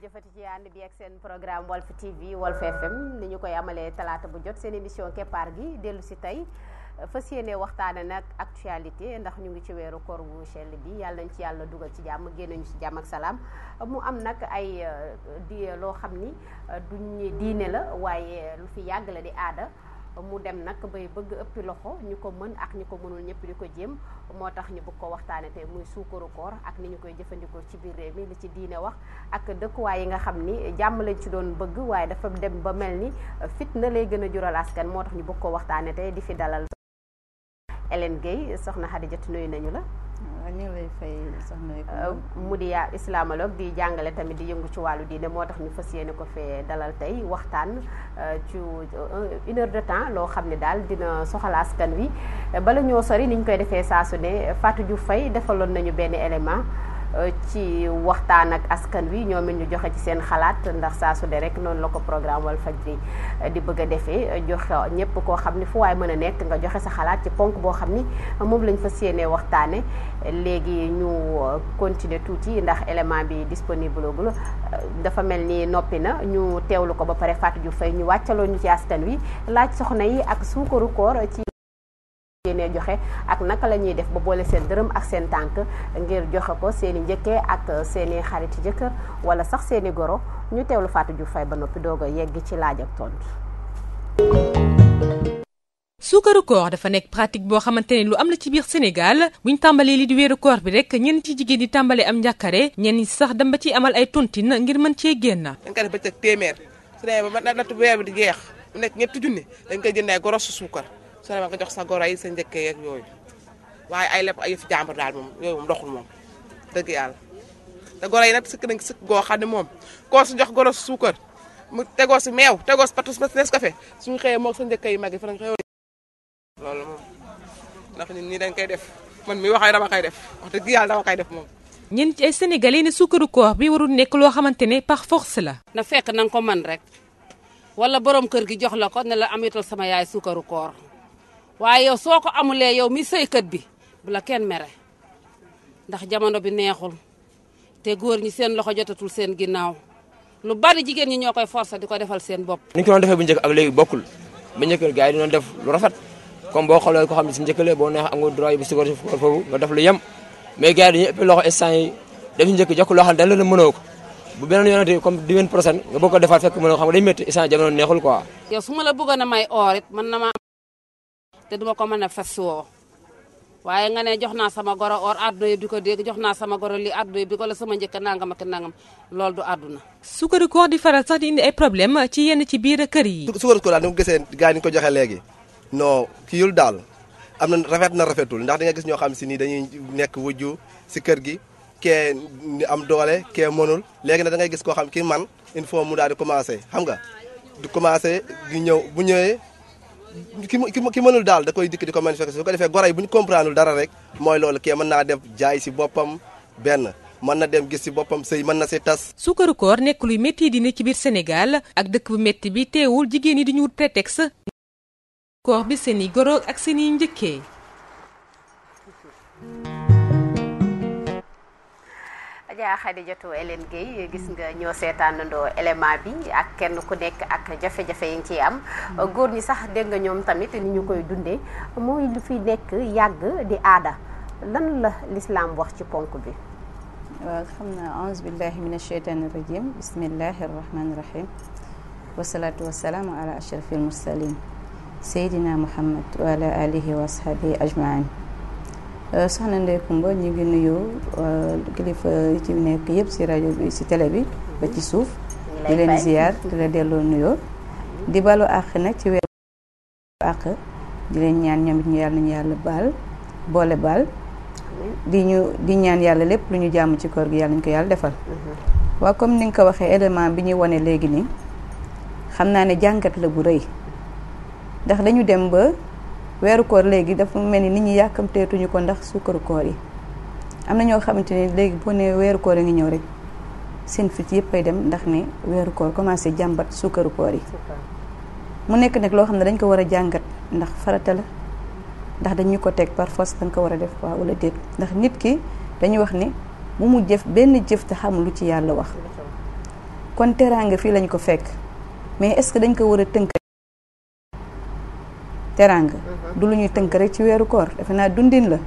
jëfati ci ànd bi ak seen programme Walf TV Walf FM ni ñu koy amalee talaata bu jot seen émission keppaar gi dellu si tey fas yéene waxtaane nag actualité ndax ñu ngi ci weeru koor wu sell bi yàlla nañ ci yàlla dugal ci jàmm génn ñu ci jàmm ak salaam mu am nag ay di loo xam ni duñ diine la waaye lu fi yàgg la di aada mu dem nag bay bëgg ëppi loxo ñu ko mën ak ñu ko mënul ñëpp di ko jéem moo tax ñu bugg ko waxtaane tey muy suukaru koor ak ni ñu koy jëfandikoo ci biir réew mi li ci diine wax ak dëkkuwaay yi nga xam ni jàmm lañ ci doon bëgg waaye dafa dem ba mel ni na lay gën a jural askan moo tax ñu bëgg ko waxtaane tey di fi dalal Hélène Guèye soxna Xadijatu nuyu nañu la fay euh, mu di yaa islamologue di jàngale tamit di yëngu ci wàllu diine moo tax ñu fas yéene ko fee dalal tey waxtaan euh, ci euh, une heure de temps loo xam ne daal dina soxal askan wi bala ñoo sori ni koy defee saa su ne Fatou Diouf Faye defaloon nañu benn élément Euh, ci waxtaan ak askan wi ñoom it ñu joxe ci seen xalaat ndax saa su de rek noonu la ko programme Walfadjri euh, di bëgg a defee euh, joxe ñëpp koo xam ni fu waay mën a nekk nga joxe sa xalaat ci ponk boo xam ni moom lañ fas yéenee waxtaane léegi ñu continuer tuuti ndax élément bi disponible gul dafa mel ni noppi na ñu teewlu ko ba pare Fatou Diouf Faye ñu wàccaloo ñu ci askan wi laaj soxna yi ak suukaru koor ci yéenee joxe ak naka la ñuy def ba boole seen dërëm ak seen tànk ngir joxe ko seeni i ak seeni xarit xariti jëkkër wala sax seeni goro ñu teewlu Fatou Diouf Faye ba noppi doog a yegg ci laaj ak tontu. suukaru koor dafa nekk pratique boo xamante ne lu am na ci biir Sénégal buñ tàmbalee li di weeru koor bi rek ñenn ci jigéen di tàmbalee am njàkkare ñenn sax dem ba ciy amal ay tontine ngir mën cee génna dañ koy def ba teg suukar. soo demee jox sa goro yi sa njëkkee yeeg yooyu waaye ay lépp ay yëfi jàmbur daal moom yooyu moom moom dëgg yàlla te goro yi nag sëkk nañ sëkk goo xam moom koo si jox goro mu tegoo si meew tegoo si patus nes suñu xëyee moog sa njëkkee mag yi fa nañ xëyoo loolu moom ndax ñun ñii dañ koy def man mi waxee dama koy def wax dëgg yàlla dama koy def moom ñenn ci ay sénégalais ne suukaru koor bi warul nekk loo xamante ne par force la na fekk na nga ko man rek wala boroom kër gi jox la ko ne la amitul sama yaay suukaru koor waaye yow soo ko amulee yow mi sëykat bi bu la kenn mere ndax jamono bi neexul te góor ñi seen loxo jotatul seen ginnaaw lu bari jigéen ñi ñoo koy forcer di ko defal seen bopp. ni ñu ko bu njëkk ak léegi bokkul bu njëkk gars yi def lu rafet comme boo xoolee ko xam ne si njëkkale boo neex am nga droit yi bu sukar foofu nga def lu yem mais gars yi dañuy loxo instant yi def njëkk jokk loo xam ne dañ ko bu beneen yoonatee comme diwen prochaine nga bëgg ko defaat fekk mënoo xam nga day métti instant jamono neexul quoi. yow su ma la bëggoon a may or man na ma te duma ko mën a fas woo waaye nga ne jox naa sama goro or àdduna yi di ko dégg jox naa sama goro lii àdduna yi di ko la sama njëkk nangam ak nangam loolu du àdduna sukaru koor di faral sax di indi ay problème ci yenn ci biir kër yi sukaru koor daal ni ko gisee gars yi ni ko joxe léegi non kiyul daal am na rafet na rafetul ndax di nga gis ñoo xam si nii dañuy nekk wujju si kër gi kee am doole kee mënul léegi nag da ngay gis koo xam ki man il faut mu daal di commencé xam nga commencé di ñëw bu ñëwee ki ki mënul daal da koy dikk di ko manifester su ko defee goro yi bu ñu comprendre dara rek mooy loolu kii mën naa dem jaay si boppam benn mën na dem gis ci boppam sëy mën na si tas. suukaru koor nekk luy métti dina ci biir Sénégal ak dëkk bu métti bi teewul jigéen yi duñu wut prétexte. koor bi seeni goro ak seen i njëkkee. Adja Khadijatu Hélène Guèye gis nga ñoo seetaanandoo élément bi ak kenn ku nekk ak jafe-jafe yi nga ciy am mm-hmm. góor ñi sax dégg nga ñoom tamit ni ñu koy dundee mooy lu fi nekk yàgg di aada lan la lislaam wax ci ponk bi waaw xam naa aouzu billahi min asheytaani rajim bismillahi rahmaani rahim wasalaatu wasalaamu ala ashrafil mursalin seydina muhammad wa wa ashabihi ajmain Euh, soxna Ndeye Comba ñu ngi nuyu euh, kilifa yi ci nekk yëpp ci rajo bi si tele bi ba ci suuf di leen ziar di la delloo nuyoo di balu àq nag ci weeru àq di leen ñaan ñoom it ñu yàlla ñu baal boole baal di ñu di ñaan yàlla lépp lu ñu jàmm ci koor gi yàlla ñu ko yàlla defal mhm. waa comme ni nga ko waxee élément bi ñuy wane léegi nii xam naa ne jàngat la bu rëy ndax dañu dem ba weeru koor léegi dafa mel ni nit ñi yàkkamteetuñu ko ndax suukaru koor yi am na ñoo xamante ni léegi boo ne weeru koor a ngi ñëw rek seen fit yëpp ay dem ndax ne weeru koor commencé jàmbat sukkaru koor yi mu nekk nag loo xam ne dañ ko war a jàngat ndax farate la ndax dañu ko teg par force dañ ko war a def waa wala déet ndax nit ki dañuy wax ne bu mu jëf benn jëf te xamul lu ci yàlla wax kon teraanga fii lañ ko fekk mais est-ce que dañ ko war a tënk du lu ñuy tënk rek ci weeru koor defe naa dundin la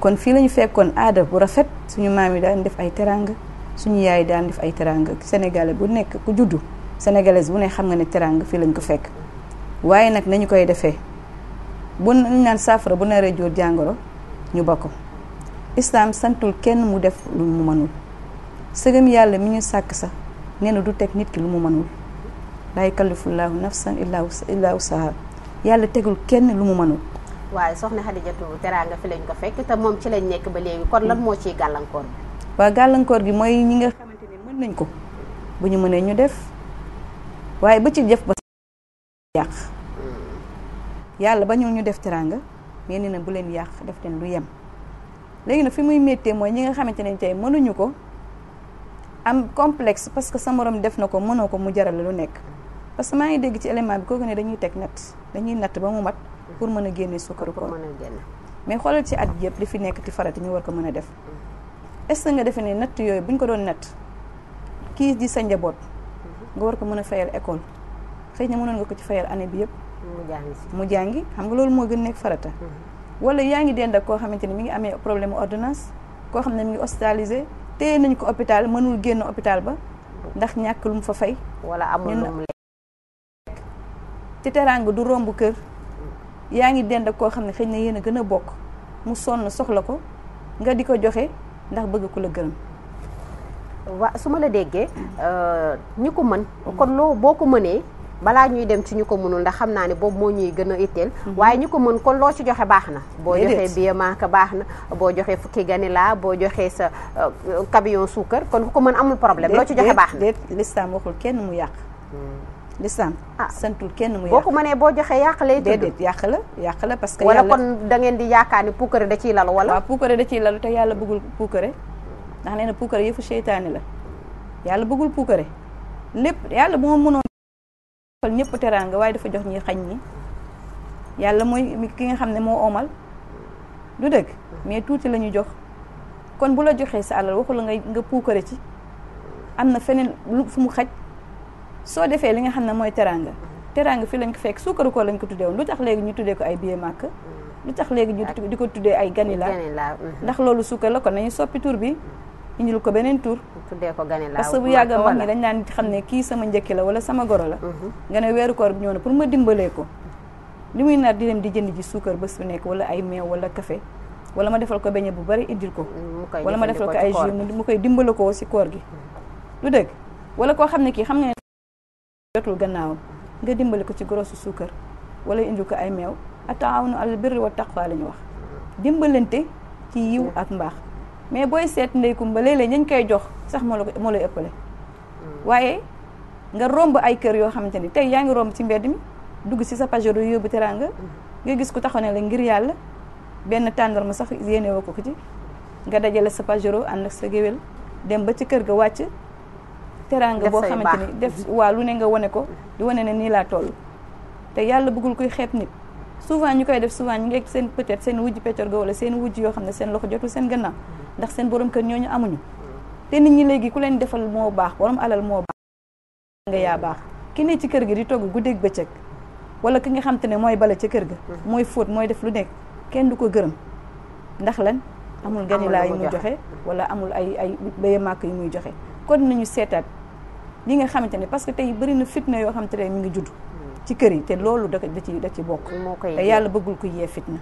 kon fii lañu fekkoon aada bu rafet suñu maam yi daan def ay teranga suñu yaay daan def ay teranga sénégalais bu nekk ku juddu sénégalais bu ne xam nga ne teranga fii lañ ko fekk waaye nag nañu koy defee bu ñu naan saafara bu naree jur jàngoro ñu ba ko islaam santul kenn mu def lu mu mënul sëgëm yàlla mi ñu sàkk sax nee na du teg nit ki lu mu mënul laa yukallifullaahu nafsan illaa wusahaa yàlla tegul kenn lu mu mënul waaye soxna Xadijatu teraanga fi lañ ko fekk te moom ci lañ nekk ba léegi kon lan mm. moo ciy gàllankoor bi waaw gàllankoor gi mooy ñi nga xamante mën nañ ko bu ñu mënee ñu def waaye ba ci jëf ba mm. yàlla ba ñu ñu def teraanga mais nee na bu leen yàq def leen lu yem léegi nag fi muy méttee mooy ñi nga xamante ne tey mënuñu ko am complexe parce que sa moroom def na ko mënoo ko mu jaral lu nekk parce que maa ngi dégg ci élément bi kooku ne dañuy teg natt dañuy natt ba mu mat pour mën a génne sukkaru koor mais xoolal ci at yëpp li fi nekk ci farata ñu war ko mën a def est-ce nga defe ne natt yooyu buñ ko doon natt kii di sa njaboot nga war ko mën a fayal école xëy na mënoon nga ko ci fayal année bi yëpp mu jàngi xam nga loolu moo gën nekk farata mm-hmm. wala yaa ngi dend ak koo xamante ni mi ngi amee problème ordonnance koo xam ne mi ngi hospitalisé téye nañ ko hôpital mënul génn hôpital ba ndax ñàkk lu fa fay wala amul te teraanga du romb kër yaa ngi dend koo xam ne xëy na yéen a gën a bokk mu sonn soxla ko nga di ko joxe ndax bëgg ku la gërëm. waa su ma la déggee euh, ñi ko mën kon loo boo ko mënee balaa ñuy dem ci ñu ko mënul ndax xam naa ne boobu moo ñuy gën a itteel mhm. waaye ñu ko mën kon loo ci joxe baax na boo joxee billet baax na boo joxee fukki ganila boo joxe sa euh, camion suukar kon ku ko mën amul problème loo ci joxe baax na déet lislaam waxul kenn mu yàq hmm. di sant ah kenn mu yàq boo ko boo joxee yàq lay tudd déedéet yàq la yàq la parce que wala kon da ngeen di yaakaar ni puukare da ciy lalu wala waaw puukare da ciy lalu te yàlla bëggul puukare ndax nee na puukare yëfu seytaane la yàlla bëggul puukare lépp yàlla moo mënoon defal ñëpp teraanga waaye dafa jox ñi xañ ñi yàlla mooy ki nga xam ne moo omal du dëgg mais tuuti la ñu jox kon bu la joxee sa alal waxu la nga nga puukare ci am na feneen lu fu mu xaj soo defee li nga xam ne mooy teraanga teraanga fii lañ ko fekk suukaru koo lañ ko tuddee woon lu tax léegi ñu tuddee ko ay billet màkk lu tax léegi ñu di ko tuddee ay ganila mhm. ndax loolu suukar la kon nañu soppi tur bi indil ko beneen tur tuddee ko ganila parce que bu yàgg mag ñi dañ daan xam ne kii sama njëkki la wala sama goro la mhm. nga ne weeru koor bi ñoo na pour ma dimbalee ko li muy nar di dem di jënd ji suukar ba su nekk wala ay meew wala café wala ma defal ko beñe bu bari indil ko mm, wala ma defal ko ay jus mu koy dimbale ko si koor gi jotul gannaaw nga dimbali ko ci grosse suukar wala indil ko ay meew ataawunu alal birri wa taqwa la ñu wax dimbalante ci yiw ak mbaax mais booy seet ndey kumba léeg-léeg ñañ koy jox sax moo la ko moo lay ëppale waaye nga romb ay kër yoo xamante ni tey yaa ngi romb ci mbedd mi dugg si sa pajero yóbbu teranga nga gis ku taxaw ne la ngir yàlla benn tàndarma sax yéene woo ko ko ci nga dajale sa pajero ànd ak sa géwél dem ba ci kër ga wàcc teraanga boo xamante ni def waa lu ne nga wone ko di wane na nii laa toll te yàlla bëggul koy xeeb nit souvent ñu koy def souvent ñu ngi seen peut-être seen wujj péccorga wala seen wujj yoo xam ne seen loxo jotul seen gannaaw ndax seen borom kër ñooñu amuñu te nit ñi léegi ku leen defal moo baax borom alal moo baax nga yaa baax ki ne ci kër gi di togg guddeeg bëccëg wala ki nga xam ne mooy bala ca kër ga mooy fóot mooy def lu nekk kenn du ko gërëm ndax lan amul ganilaa yu muy joxe wala amul ay ay béye màkk yu muy joxe kon nañu seetaat li nga xamante ne parce que tey bëri na fitna yoo xamante ne mu ngi judd ci kër yi te loolu da da ci da ci bokk te yàlla bëggul ko yee fitna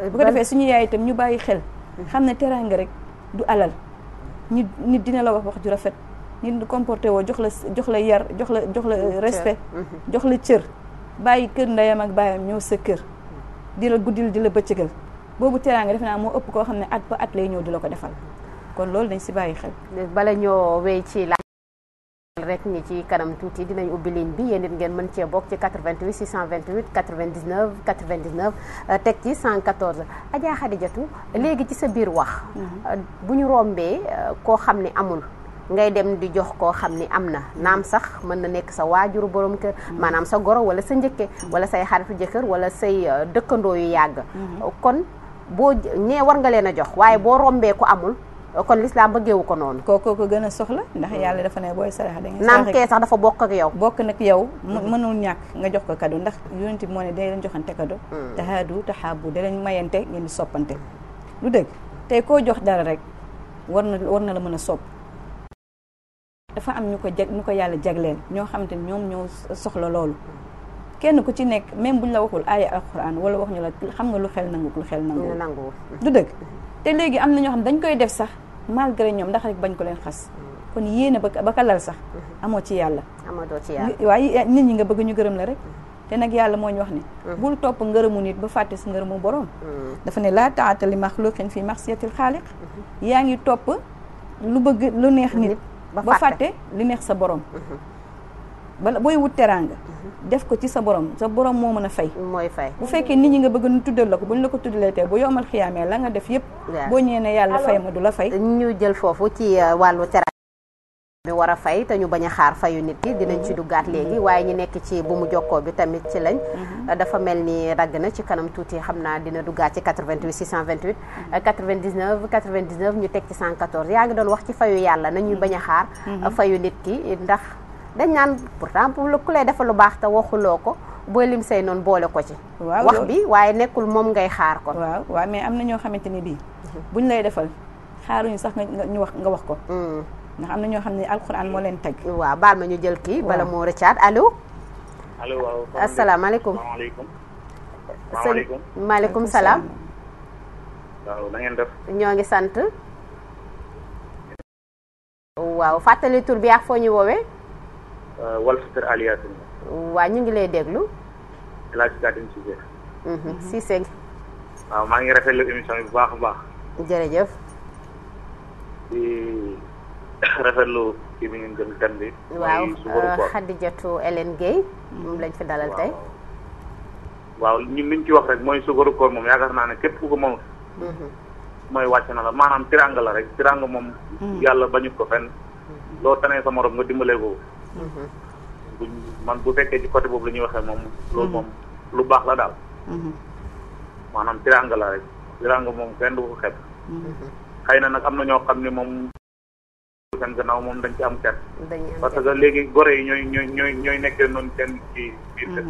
euh, bu ko defee suñu yaay itam ñu bàyyi xel hmm. xam ne teraanga rek du alal nit nit dina la wax wax ju rafet nit du comporté woo jox la jox la yar jox la jox la hmm. respect jox la cër bàyyi kër ndeyam ak baayam ñëw sa kër hmm. di la guddil di la bëccëgal boobu teraanga defe naa moo ëpp koo xam ne at ba at lay ñëw di la ko defal kon loolu dañ rek ni ci kanam tuuti dinañ ubbi ligne bi yéen it ngeen mën cee bokk ci 88 628 99 99 teg ci 114 Adja Khadijatu léegi ci sa biir wax mhm. euh, bu ñu rombee euh, koo xam ne amul ngay dem di jox koo xam ni am na naam sax mën na nekk sa waajuru borom kër mhm. maanaam sa goro wala sa njëkke wala say xaritu jëkkër wala say euh, dëkkandoo yu yàgg mhm. kon boo ñee war nga leen a jox waaye boo rombee ku amul kon lis l'islam bëggeewu ko noonu kooku ko gën a soxla ndax yàlla dafa ne booy sarax da nga naam kee sax dafa bokk ak yow bokk nag yow mënul ñàkk nga jox ko cadeau ndax yonent bi moo ne da leen joxante cadeau hmm. tahaadu tahaabu da leen mayante ngeen di soppante lu dëgg tey koo jox dara rek war na war na la mën a sopp dafa am ñu ko jag ñu ko yàlla jagleel ñoo xamante ni ñoom ñoo soxla loolu kenn ku ci nekk même buñ la waxul aaya alxuraan wala wax ñu la xam nga lu xel nangu lu xel nangu lu dëgg te léegi am na ñoo xam dañ koy def sax malgré ñoom ndax rek bañ ko leen xas mm. kon yéene ba ka lal sax mm-hmm. amoo ci yàlla amatoo ci yàlla waaye nit ñi nga bëgg ñu gërëm la rek mm. te nag yàlla moo ñu wax ni mm-hmm. bul topp ngërëmu nit ba fàtte si ngërëmu borom. Mm. dafa ne laa taata li maxluqin fi maxiyatil xaaliq mm-hmm. yaa ngi topp lu bëgg lu neex nit ba fàtte li neex sa borom bala booy wut teraanga mhm. def ko ci sa borom sa borom moo mën a fay mooy fay bu fekkee nit ñi nga bëgg nu tuddal ko bu ñu la ko tuddalee tey bu yomal xiyaamee la nga def yëpp boo ñëwee ne yàlla fay ma du la fay ñu jël foofu ci euh, wàllu teraanga bi war a fay te ñu bañ xaar fayu nit ki dinañ ci mhm. duggaat léegi mhm. waaye ñu nekk ci bu mu jokkoo bi tamit ci lañ euh, dafa mel ni ragg na ci kanam tuuti xam naa dina duggaat ci 88 628 99 99 ñu teg ci 114 yaa ngi doon wax ci fayu yàlla nañuy bañ a xaar fayu nit ki ndax dañ naan pourtant pour ku lay defal lu baax te waxuloo ko booy lim say noonu boole ko ci. waaw bi waaye nekkul moom ngay xaar ko. waaw waaw mais am na ñoo xamante ni bii. buñ lay defal xaaruñu sax nga wax nga wax ko. Mm. ndax am na ñoo xam ne alxuraan moo leen teg. waaw baal ma ñu jël kii. bala moo rëccaat allo. allo waaw asalaamaaleykum. maaleykum. salaam. waaw na def. ñoo ngi sant. waaw fàttali tur bi ak foo ñuy woowee. Euh, Walf Kër Aliassime. waa ñu ngi lay déglu. El Hadj Kadim Cissé. Cissé. waaw maa ngi rafetlu émission bi bu baax a baax. jërëjëf. di rafetlu kii bi ngeen jël thème bi. waaw Khadijatou euh, Hélène Guèye. moom lañ fi dalal tey. waaw ñun liñ ci wax rek mooy suukaru koor moom yaakaar naa ne képp ku ko moom. Mhm. mooy wàcc na la maanaam tiranga la rek tiranga moom. Mhm. yàlla bañut ko fenn. Mhm. loo tanee sa moroom nga dimbalee ko. buñ man bu fekkee ci côté boobu la ñuy waxee moom. loolu mm-hmm. moom lu baax la daal. Mm-hmm. maanaam tiranga la rek tiranga moom kenn du ko xeeb. Mm-hmm. xëy na nag am na ñoo xam ne moom. seen gannaaw moom dañ ci am cat. parce que léegi gore yi ñooy ñooy ñooy ñooy nekkee noonu kenn ci biir kër.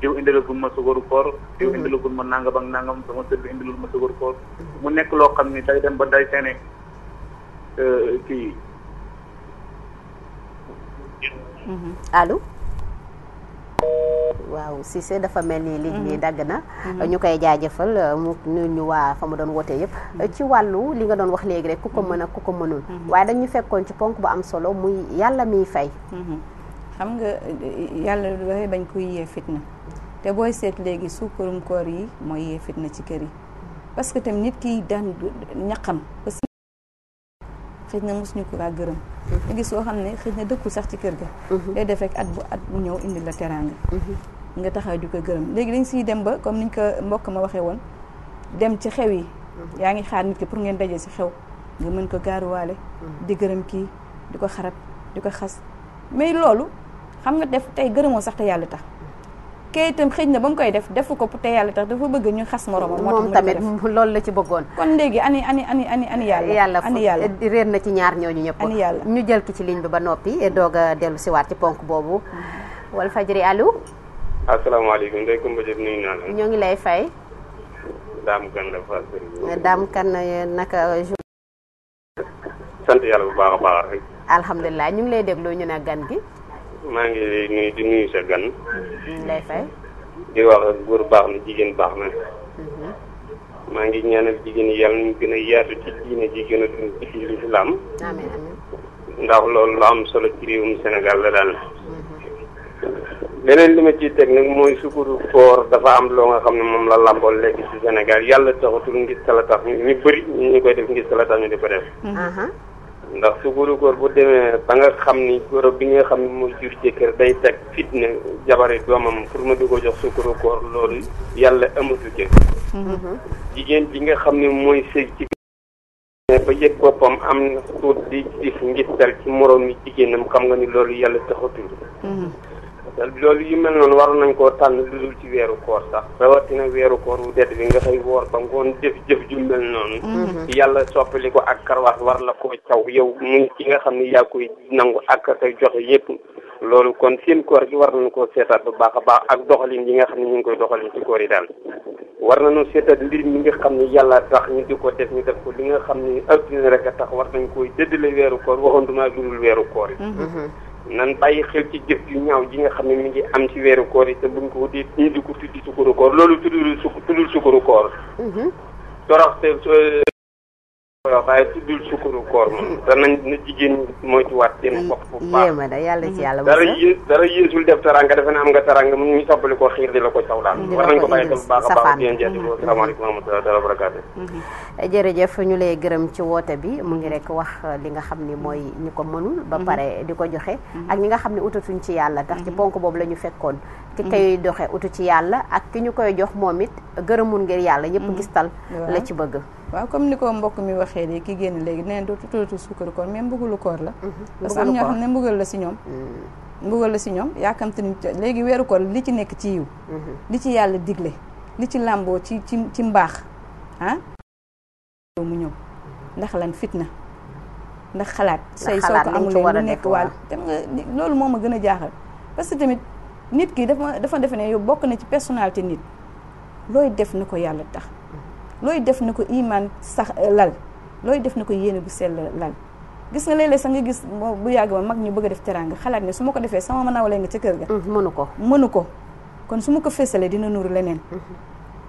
diw indilagun ma sugaru koor. diw indilagun ma nangam ak nangam sama sër bi indilul ma sugaru koor. mu nekk loo xam ni day dem ba day seene euh, kii. allo. waaw Cissé dafa mel ni ligne bi mhm. dagg na. Mhm. ñu koy jaajafal euh, mu ñu waa fa mu doon wootee yëpp. Mhm. Euh, ci wàllu li nga doon wax léegi rek ku ko mën ak ku ko mënul. waaye dañu fekkoon ci ponk bu am solo muy yàlla miy fay. xam nga yàlla dafay bañ koy yee fitna te booy seet léegi suukarum koor yi mooy yee fitna ci kër yi parce que tamit nit kiy daan ñaqam. xëy na mosuñu ko kaa gërëm nga gis soo xam ne xëy na dëkkul sax ci kër gi mhm. day def at bu at bu ñëw indi la teraanga mhm. nga taxaw di ko gërëm léegi dañ siy dem ba comme niñ ko mbokk ma waxee woon dem ci xew yi mhm. yaa ngi xaar nit ki pour ngeen daje si xew nga mën ko gaaruwaale di gërëm kii di ko xarab di ko xas mais loolu xam nga def tey gërëmoo sax te yàlla tax kayitam xëj na ba mu koy def defu ko te yàlla tax dafa bëgg ñu xas moromam moom tamit loolu la ci bëggoon kon léegi ani ani ani ani ani yàlla yàlla ani yàlla réer na ci ñaar ñooñu ñëpp ani yàlla ñu jël ki ci ligne bi ba noppi doog a dellu si waat ci ponk boobu mm-hmm. wal fajri allo asalaamaaleykum day Kumba Diop nuyu naa la ñoo ngi lay fay daam kan la fal daam kan eh, eh, yàlla bu baax baax rek alhamdulilah ñu ngi lay dégloo ñu ne gan gi maa ngi lay di nuyu sa gan. di wax góor baax na jigéen baax na. Mhm. maa ngi ñaanal jigéen yi yàlla ñu gën a yaatu ci diine ji gën a dund ci lislaam. ndax loolu lu am solo ci réewum Sénégal la daal. leneen mhm. li ma ciy teg nag mooy sukuru koor dafa am loo nga xam ne moom la làmbool léegi ci senegal yàlla taxatul ngir tala tax ñu bëri ñu koy def ngi tala ñu di ko def. Mhm. ndax su góoru góor bu demee ba nga xam ni góor bi nga xam ni mooy jur jëkkër day teg fitna jabari doomam pour ma di ko jox sukkaru koor loolu yàlla amatu jëkk jigéen bi nga xam ni mooy sëy ci ba yëg boppam am na tuut di dif ngistal ci moroom jigéenam xam nga ni loolu yàlla taxatul loolu yu mel noonu waroon nañ koo tànn lu dul ci weeru koor sax rawatina weeru koor wu dedd bi nga xëy woor ba ngoon jëf jëf ju mel noonu mhm. yàlla soppali ko ak karwaat war la koo caw yow mu ki nga xam ni yaa koy nangu ak tey joxe yépp loolu kon seen koor gi war nañu koo seetaat bu baax a baax ak doxalin yi nga xam ne ñu ngi koy doxalin ci koor yi daal war nañu seetaat mbir mi nga xam ni yàlla tax ñu di ko def ñu def ko li nga xam ne adduna rek a tax war nañ koy dëddale weeru koor waxoon dumaa dudul weeru koor yi mhm. Mhm. nan bàyyi xel ci jëf ju ñaaw ji nga xam ne mu ngi am ci weeru koor yi te buñ ko di ñu di ko tuddi sukuru koor loolu tuddul su tuddul sukuru koor toroxte mhm. waaw waaye tuddul na jigéen moytuwaat seen mm, bopp bu da yàlla ci mm-hmm. yàlla dara yées dara yéesul def taranga defe ne am nga taranga mu ñu toppali ko xiir di la ko caw daal war nañ ko bàyyi tam baax a baax yéen jaati loolu salaamaaleykum wa rahmatulah wa barakaatu mm-hmm. eh, jërëjëf ñu lay gërëm ci woote bi mu ngi rekk wax li nga xam ni mooy ñi ko mënul ba mm-hmm. pare di ko joxe ak ñi nga xam ne utatuñ ci yàlla tax ci ponk boobu la ñu fekkoon ki koy mhm. doxe utu ci yàlla ak ki ñu koy jox moom it gërëmul ngir yàlla ñëpp mhm. gistal la ci bëgg waaw comme ni ko mbokk mi waxee léegi ki génn léegi nee dootu tuddatu suukaru koor mais mbugalu koor la mhm. parce que am ñoo ne mbugal la si ñoom mbugal la si ñoom yaakamte ni léegi weeru koor li ci nekk ci yiw li ci yàlla digle li ci làmboo ci ci ci mbaax ah mu ñëw ndax lan fitna ndax xalaat say soo ko amulee lu nekk wàll dem nga loolu moo ma gën a jaaxal parce que tamit nit kii dafa dafa defe ne yow bokk na ci personnalité nit looy def na ko yàlla tax looy def na ko imaan sax euh, lal looy def na ko yéene bu sell lal gis nga léeg-léeg sax nga gis bu yàgg ba mag ñu bëgg a def teranga xalaat ne su ma ko defee sama mën a wala nga ci kër ga mmh, mënu ko mënu ko kon su ma ko feesalee dina nuru leneen mmh.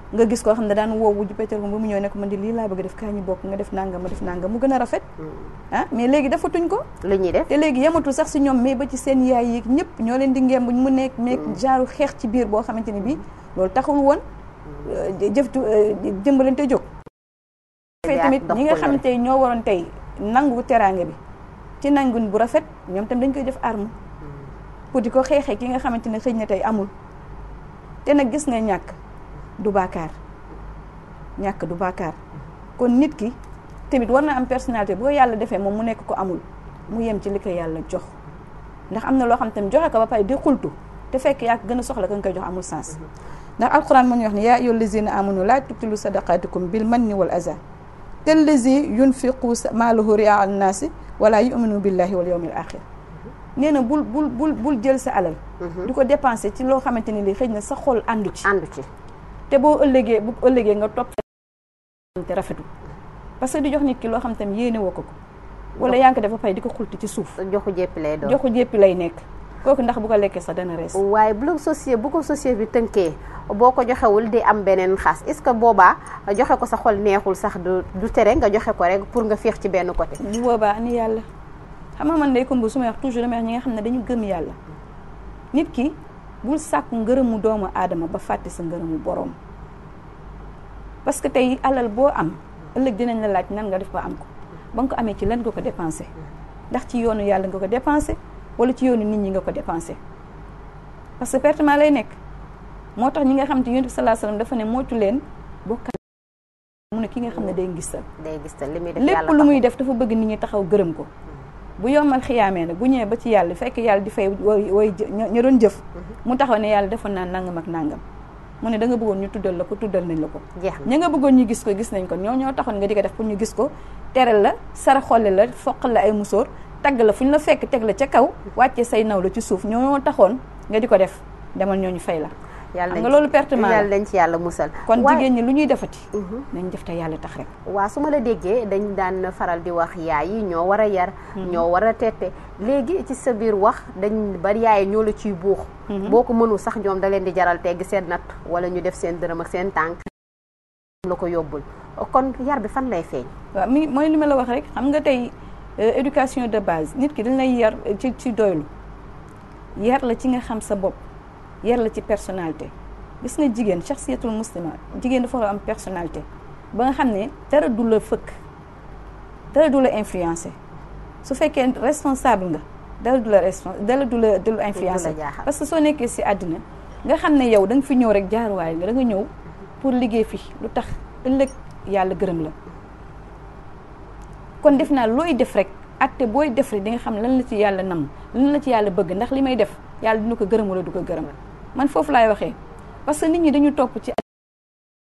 nga gis koo xam ne daan woowu ji téléphone ba mu ñëw ne ko man di lii laa bëgg def kaa ñu bokk nga def nangam ma def nangam mu gën a rafet mm. ah mais léegi dafatuñ ko la ñuy def te léegi yamatul sax si ñoom mais ba ci seen yaay yi ñëpp ñoo leen di ngemb mu nekk nekk mm. genre xeex ci biir boo xamante ni bii loolu taxul woon mm. euh, jëftu euh, jëmbalante jóg fee tamit ñi nga xamante ni ñoo waroon tey nangu teraanga bi ci nangun bu rafet ñoom tam dañ koy def arme pour di ko xeexee ki nga xamante ne xëy na tey amul te nag gis nga ñàkk du bàkkaar ñàkk du bàkkaar kon nit ki tamit war na am personnalité bu ko yàlla defee moom mu nekk ko amul mu yem ci li ko yàlla jox ndax am na loo xam tamit joxe ko ba pare di xultu te fekk yaa gën a soxla ka koy jox amul sens ndax alquran mu ñu wax ne yaa ayyuha lazina amanu laa tubtilu sadaqaatikum bil manni wal aza kallazi yunfiqu maalahu riaa annaasi wala yuminu billahi wal yawmil axir nee na bul bul bul bul jël sa alal mhm. di ko dépenser ci loo xamante ne li xëy na sa xol àndu ci àndu ci te boo ëllëgee bu ëllëgee nga topp te rafetul parce que di jox nit ki loo xam tam yéene woo ko ko wala yaa ngi ko di ko xulti ci suuf joxu jéppi lay doon joxu jéppi lay nekk kooku ndax bu ko lekkee sax dana rees waaye bu la société bu ko société bi tënkee boo ko joxewul di am beneen xaas est-ce que boobaa joxe ko sa xol neexul sax du du tere nga joxe ko rek pour nga féex ci benn ko bu boobaa ni yàlla xam nga man day kumbu su ma wax toujours damay ñi nga xam ne dañu gëm yàlla nit ki bul sàkku ngërëmu doomu aadama ba fàtte sa ngërëmu boroom parce que tey alal boo am ëllëg dinañ la laaj nan nga def ba am ko ba nga ko amee ci lan nga ko dépensé ndax ci yoonu yàlla nga ko dépensé wala ci yoonu nit ñi nga ko dépensé parce que pertement lay nekk moo tax ñi nga xam te yonent bi sallallahu dafa ne moytu leen bokka mu ne ki nga xam ne day gistal lépp lu muy def dafa bëgg nit ñi taxaw gërëm ko bu yomal xiyaamee na bu ñëwee ba ci yàlla fekk yàlla di fay woy woy ñu doon jëf mhm. mu taxaw ne yàlla defoon naa nangam ak nangam mu ne danga bëggoon ñu tuddal la ko tuddal nañ la ko ña nga bëggoon ñu gis ko gis nañ ko ñoo ñoo taxoon nga di ko def pour ñu gis ko teral la sara xolle la foqal la ay musóor tagg la fu ñu la fekk teg la ca kaw wàcce say naw la ci suuf ñoo taxoon nga di ko def demal ñu fay la yàlla nga loolu pertement yàlla dañ ci yàlla musal kon jigéen ñi lu ñuy defati mhm. nañ def te yàlla tax rek waa su ma la déggee dañu daan faral di wax yaay yi ñoo war a yar mhm. ñoo war a tette léegi ci sa biir wax dañ bari yaay ñoo la ciy buux mhm. boo ko mënul sax ñoom da leen di jaral tegg seen nat wala ñu def seen dërëm ak seen tànk la ko yóbbul kon yar bi fan lay feeñ mooy li ma la wax rek xam nga tey euh, éducation de base nit ki dañ lay yar euh, ci ci doylu yar la ci nga xam sa bopp yar la ci personnalité gis nga jigéen shaxsiyatul muslima jigéen dafa war am personnalité ba nga xam ne dara du la fëkk dara du la influencé su fekkee responsable nga dara du la respons dara du la du la influencé parce que soo nekkee si àddina nga xam ne yow da fi ñëw rek jaaruwaay nga da ñëw pour liggéey fi lu tax ëllëg yàlla gërëm la kon def naa looy def rek atte booy def rek di xam lan la ci yàlla nam lan la ci yàlla bëgg ndax li may def yàlla dina ko gërëm wala du ko gërëm man foofu laay waxee parce que nit ñi dañu topp ci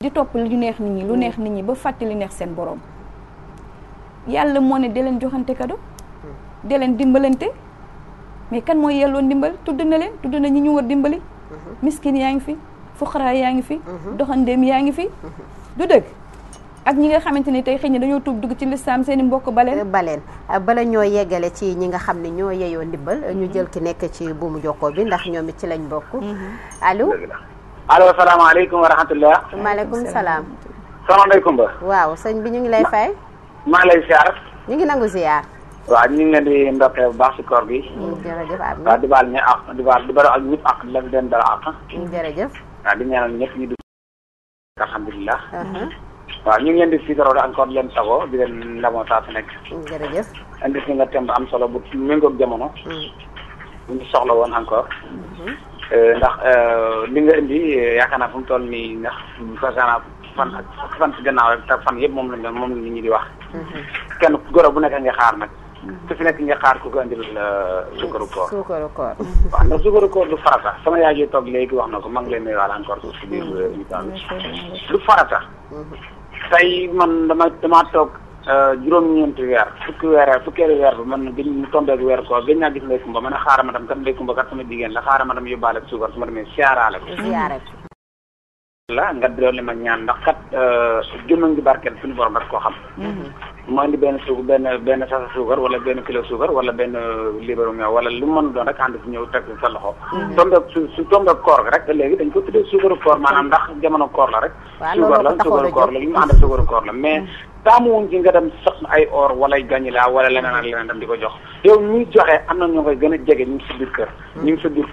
di topp lu neex nit ñi lu neex nit ñi ba fàtte li neex seen borom yàlla moo ne de joxante kado de dimbalante mais kan mooy yelloo ndimbal tudd na leen tudd na ñi ñu war dimbali mhm. miskin yaa ngi fi fuqara yaa ngi fi mhm. doxandeem yaa ngi fi mhm. du dëgg ak ñi nga xamante ni tey xëy na dañoo tuub dugg ci lislaam seeni i mbokk baleen bala ñoo yeggale ci ñi nga xam ne ñoo yeyoo ndimbal ñu jël ki nekk ci buumu jokkoo bi ndax ñoom it ci lañ bokk mm-hmm. allo allo salaamaaleykum wa rahmatullah maaleykum salaam soxna Ndeye waaw sëñ bi ñu ngi lay fay maa lay ziar ñu ngi nangu ziar waaw ñu ngi leen di ndokkee bu baax si koor gi mm, jërëjëf waaw di baal ñu ak di baal di baal ak ñëpp ak la leen dara ak mm, jërëjëf waaw di ñaanal ñëpp ñu dugg alhamdulilah uh-huh. waaw ñu ngi leen di sikaroo encore leen sago di leen ndamoo saa su nekk. jërëjëf. indi si nga thème am solo bu méngoog jamono. bu mm. ñu soxla woon encore. Mm-hmm. Eh, ndax eh, li nga indi yaakaar naa fu mu toll nii ndax fasanaa fan ak fan si gannaaw rek te fan yëpp moom lañ moom lañ nit di wax. Mm-hmm. kenn goro bu nekk nga xaar nag. su mm-hmm. fi nekk nga xaar ku ko indil eh, suukaru koor. suukaru koor. waaw ndax suukaru koor du farata sama yaay ji toog léegi wax na ko maa ngi lay nuyuwaale encore si biir émission bi. du farata. tey man dama damaa toog euh, juróom-ñeenti weer fukki weer fukkeelu weer bi man gëñ mu tombeeg weer ko gëñ naa gis Ndeye Kumba ma ne xaaral ma dem kat Ndeye Kumba kat sama jigéen la xaaral ma dem yóbbaale ak suukar su ma siyaaraale ko la nga doon li ma ñaan ndax kat euh, jëmm ngi barkeel suñu borom rek koo xam ma mhm. indi benn suuk benn benn sasa suukar wala benn kilo suukar wala benn euh, libaru meew wala lu mën doon rek ànd si ñëw teg sa loxo mhm. tombe su dañ ko tuddee suukaru koor maanaam ndax la rek waaw la ñu ànd la mm. mais taamu wuñ ci nga dem sax ay or wala gañi laa wala leneen ak leneen di ko jox yow am na ñoo koy gën a jege ñu ngi ñu ngi sa biir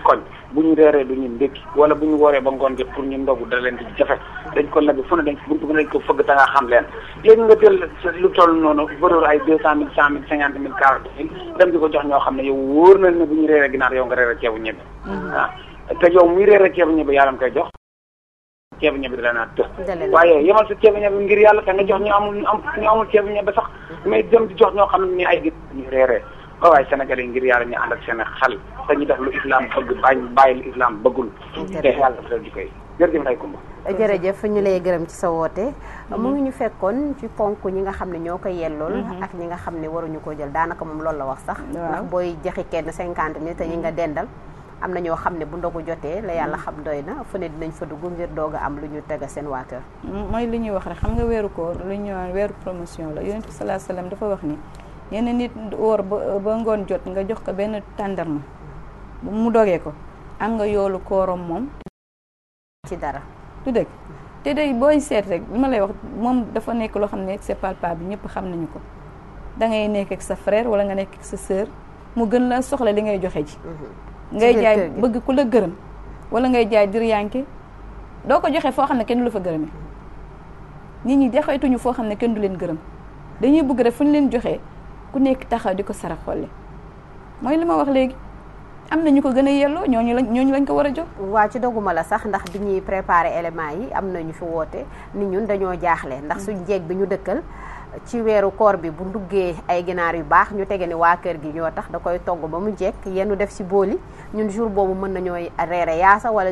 ñu reeree du ñu ndékki wala bu ñu wooree ba ngoon pour ñu ndogu da leen di ko nag fu ko fëgg te xam leen léegi nga jël lu toll noonu valeur ay deux cent mille cent mille cinquante mille quarante di ko jox ñoo xam ne yow wóor na ne bu ñu reeree ginaar yow nga reeree ceebu ñebe mm. ah. te yow muy reeree ceebu ñebe yaa leen koy jox ceebu ñebe da leen a të waaye yemal sa ceebu ñebe ngir yàlla te nga jox ñu amul am ñu amul ceebu ñebe sax mais dem di jox ñoo xam ne ay git ñu réeree oh, waaye sénégalais yi ngir yàlla ñu ànd ak seen xel te ñu def lu islam bëgg bàyyi bàyyi lu islam bëggul te yàlla daf leen di koy jërëjëf Ndeye Comba jërëjëf ñu lay gërëm ci sa woote mu ngi ñu fekkoon ci ponk ñi nga xam ne ñoo koy yellool mhm. ak ñi nga xam ne waruñu ko jël daanaka moom loolu la wax sax ndax booy joxe kenn cinquante mille te ñi nga dendal am na ñoo xam ne bu ndogu jotee la yàlla mm. xam doy na fu ne dinañ fa dugg ngir doog am lu ñu tega seen waa mm, mooy li ñuy wax rek xam nga weeru koor lu ñu weeru promotion la yonent bi sa salaam dafa wax ni yenn nit woor ba ba ngoon jot nga jox ko benn tàndarma mu dogee ko am nga yoolu koorom moom ci dara du dëgg te day booy seet rek li ma lay wax moom dafa nekk loo xam ne c'est bi ñëpp xam nañu ko dangay ngay nekk ak sa frère wala nga nekk sa sœur mu gën la soxla li ngay joxe ji mm-hmm. ngay jaay bëgg ku la gërëm wala ngay jaay dir yanke doo ko joxe foo xam ne kenn du la fa gërëme nit ñi joxeetuñu foo xam ne kenn du leen gërëm dañuy bëgg rek fu ñu leen joxee ku nekk taxaw di ko sara xolle mooy li ma wax léegi am na ñu ko gën a yelloo ñooñu lañ ñooñu lañ ko war a jox. waa ci doguma la sax ndax bi ñuy préparé éléments yi am na ñu fi woote ni ñun dañoo jaaxle ndax mm. suñ jeeg bi ñu dëkkal ci weeru koor bi bu nduggee ay ganaar yu baax ñu tege ni waa kër gi ñoo tax da koy togg ba mu jekk yennu def si booli ñu jour boobu mën nañooy reere yaasa wala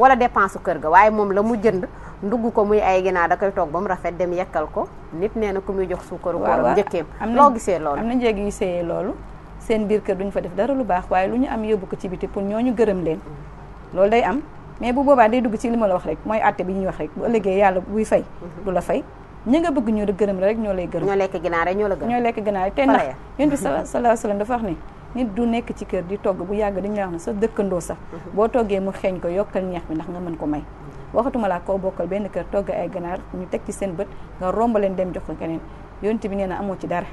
wala dépense kër ga waaye moom la mu jënd ndugg ko muy ay ganaar da koy toog ba mu rafet dem yekkal ko nit nee na ku muy jox suukaru kooram njëkkeem loo gisee loolu am na njëg yu seeyee loolu seen biir kër duñu fa def dara lu baax waaye lu ñu am yóbbu ko ci biti pour ñoo ñu gërëm leen mm. loolu day am mais bu boobaa day dugg ci li ma la wax rek mooy àtte bi ñuy wax rek bu ëllëgee yàlla buy fay mm-hmm. du la fay ñi nga bëgg ñoo gërëm la rek ñoo lay gërëm ñoo lekk ginaar rek ñoo la gërëm ñoo lekk ginaar rek sa ndax yonent bi sallallahu alayhi dafa wax ni nit du nekk ci kër di togg bu yàgg dañu lay wax ne sa dëkkandoo sax mhm. boo toggee mu xeeñ ko yokkal ñeex bi ndax nga mën ko may mhm. waxatuma laa koo bokkal benn kër togg ay ganaar ñu teg ci seen bët nga romb leen dem jox ko keneen yonent bi nee na amoo ci dara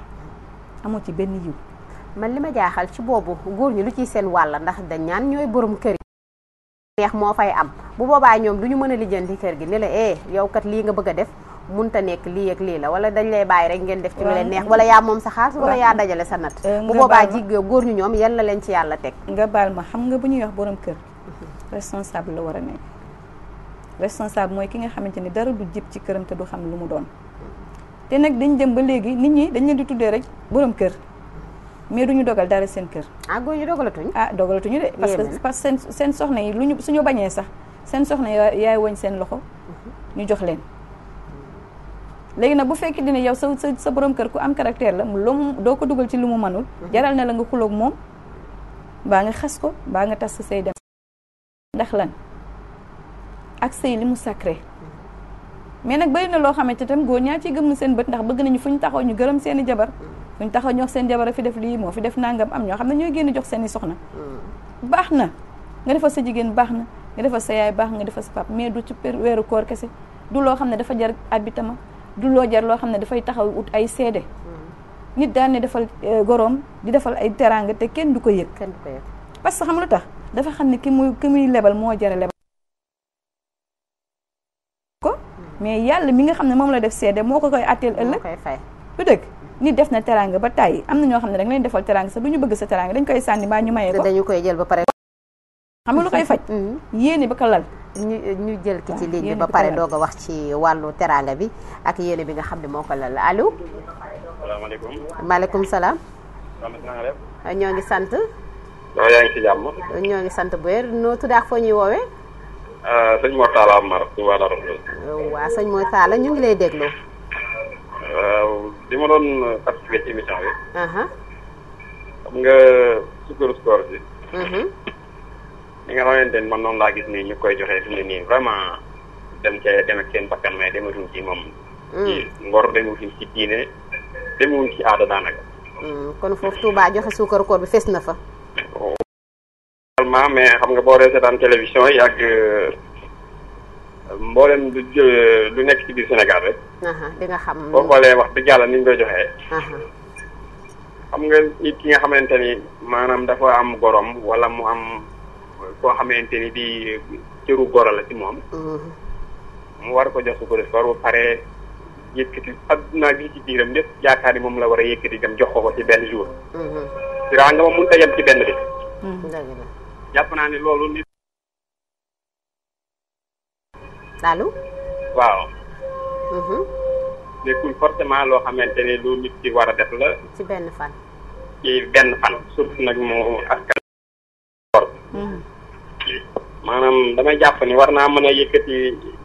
amoo ci benn yiw man li ma jaaxal ci boobu góor ñi lu ciy seen wàll ndax dañ ñaan ñooy borom kër yi moo fay am bu boobaa ñoom du ñu mën a lijjanti kër gi ne la eh, lii nga bëgg a def mun ta nekk lii ak lii la wala dañ lay bàyyi rek ngeen def ci lu leen neex wala yaa moom sa xaalis wala yaa dajale sa nat eh, bu góor ñu ñoom yan na leen ci yàlla teg nga baal ma xam nga bu ñuy wax boroom kër responsable la war a nekk responsable mooy ki nga xamante ni dara du jib ci këram te du xam lu mu doon te nag dañ dem ba léegi nit ñi dañ leen di rek borom kër mais duñu dogal dara seen kër ah góor ñu dogalatuñu ah dogalatuñu de parce que parce que seen seen soxna yi lu ñu suñu bañee sax seen soxna yaay woñ seen loxo mhm. ñu jox leen léegi nag bu fekkee dina yow sa sa sa borom kër ku am caractère la mu loom doo ko dugal ci lu mu manul mhm. jaral na la nga xuloog moom baa nga xas ko baa nga tas say dem ndax lan ak sëy li mu sacré mhm. mais nag bëri na loo xamante tam góor ñaa ciy gëmm seen bët ndax bëgg nañu fu ñu taxaw ñu gërëm seeni i jabar mhm. fu ñu taxaw ñu seen jabar a fi def lii moo fi def nangam am ñoo xam ne ñooy génn jox seeni soxna baax na nga defal sa jigéen baax na nga defal sa yaay baax nga defal sa pap mais du ci weeru koor kese du loo xam ne dafa jar abitama du loo jar loo xam ne dafay taxaw ut ay seede nit daal ne defal euh, goroom di defal ay teraanga te kenn du ko yëg kenn du ko yëg parce que xam lu tax dafa xam ne ki muy ki muy lebal moo jar lebal ko hmm. mais yàlla mi nga xam ne moom la def seede moo ko koy atteel ëllëg du dëgg nit def na teraanga ba tàyyi am na ñoo xam ne rek lañ defal teraanga sax du ñu bëgg sa teraanga dañ koy sànni mbaa ñu mayee ko koy jël ba pare xam nga lu koy faj hmm. yéene ba ko lal ñu ñu jël ki ci ligne bi ba pare doog a wax ci wàllu teraanga bi ak yéene bi nga xam ne moo ko lal allo. salaamaaleykum. maaleykum salaam. ñoo ngi sant. waaw ñoo ngi sant bu wér noo tudd foo ñuy woowee. Euh, sëñ Mortala Amar waa Darou Khoudoss. waaw sëñ Mortala ñu ngi lay déglu. waaw euh, li ma doon participer ci émission bi. xam nga sukkaru koor bi. li nga xamante man noonu gis nii ñu koy joxee nii vraiment dem ca dem ak seen bakkan mais ci moom. Mm. ci ngor dematuñ ci diine dematuñ ci aada daanaka. Mm. kon foofu Touba joxe na fa. vraiment xam nga boo dee seetaan télévision yi ak euh, mboolem du lu nekk ci biir Sénégal rek. di nga xam boo xoolee wax dëgg yàlla ni koy joxe xam nga nit ki nga xamante ni maanaam dafa am gorom walla mu am. koo xamante ni di cëru goro la ci moom. Mm-hmm. mu war ko jox ko def war ba pare yëkkati adduna bi ci biiram lépp yaakaar ni moom la war a yëkkati dem jox ko ko ci benn jour. Mm-hmm. raa nga ma mënut a yem ci benn bés. Mm-hmm. jàpp naa ne loolu nit. allo. waaw. nekkul forcément loo xamante ne lu nit ki war a def la. ci benn fan. ci benn fan surtout nag moo askan. maanaam damay jàpp ni war naa mën a yëkkati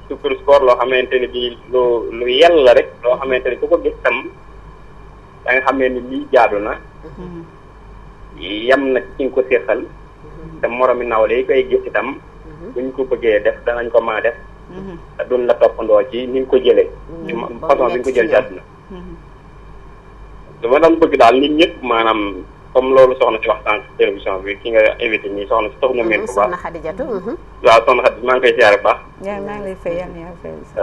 super sport loo xamante ne bii lu lu yell la rek loo xamante ni ku ko gis tam da xam ne nit lii jaadu na yam mm-hmm. na ci nga ko séqal mm-hmm. te moromi nawle yi koy gis itam mm-hmm. buñ ko bëggee def danañ ko maa def te duñ la toppandoo ci ni nga ko jëlee ci façon bi nga ko jël ci àdduna dama bëgg daal nit ñëpp maanaam comme loolu soxna si wax sànq télévision bi ki nga invité nii soxna si toog na miin bu baax soxna Xadijatu mhm. waaw soxna Xadijatu maa koy siyaare bu baax maa ngi lay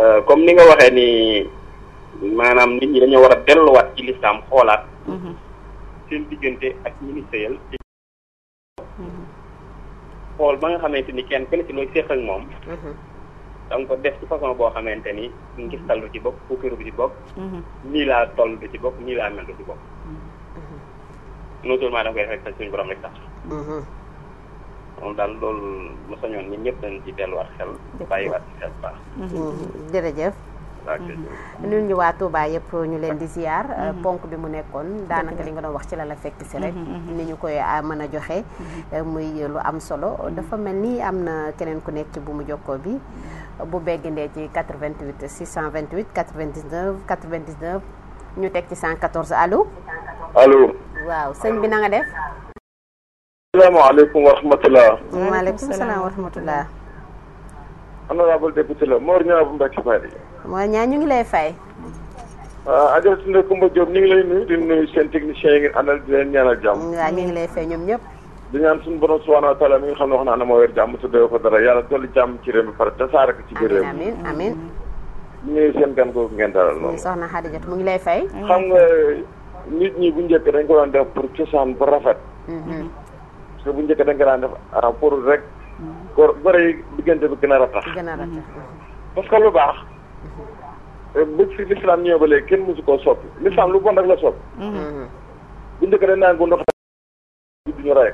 euh, comme ni nga waxee nii maanaam nit ñi dañoo war a delluwaat ci lislaam xoolaat mhm. seen diggante ak ministère yi mhm. xool ba nga xamante ni kenn kenn ci looy séq ak moom danga ko def ci façon boo xamante ni ngistal du ci bokk puukaru du ci bokk nii laa toll du ci bokk nii laa mel du ci bokk non seulement da nga koy respecté suñu mhm. mhm. mhm. jërëjëf. ñun ñu waa Touba yëpp ñu leen di ziar. Euh, ponk bi mu nekkoon daanaka li nga doon wax ci la la fekk si rek. ni ñu koy euh, mën a joxe. Euh, muy lu am solo dafa mel ni am na keneen ku nekk ci bu mu jokkoo bi. bu beggandee ci 88 628 99 99 ñu teg ci 114 allo. allo. waaw sëñ bi na nga def. asalaamaaleykum wa rahmatulah. waaleykum salaam wa rahmatulah. honorable député la Mor Niang bu Mbacke Bari. Mor Niang ñu ngi lay fay. waaw ah, Adja Sine Koumba Diop ñu ngi lay nuyu di nuyu seen techniciens yi ngeen àndal di leen ñaanal jàmm. waaw ñu ngi lay fay ñoom ñëpp. du ñaan suñ borom su wa taala mi nga xam ne wax naa ne moo weer jàmm te doyoo ko dara yàlla dolli jàmm ci réew mi pare tasaare ko ci biir réew mi amiin amiin amiin. ñu ngi seen gan googu ngeen dalal loolu. soxna nit ñi bu njëkk dañ ko doon def pour cosaan bu rafet. Mhm. parce que bu njëkk dañ ko daan def ah, pour rek. góor góor yi diggante bi gën a ratax. gën a ratax mhm. mhm. parce que lu baax. bu si lislaam ñëw ba léegi kenn mësu koo soppi lislaam lu bon rek la soppi. bu njëkk dañ naan bu ndox bi duñu rey.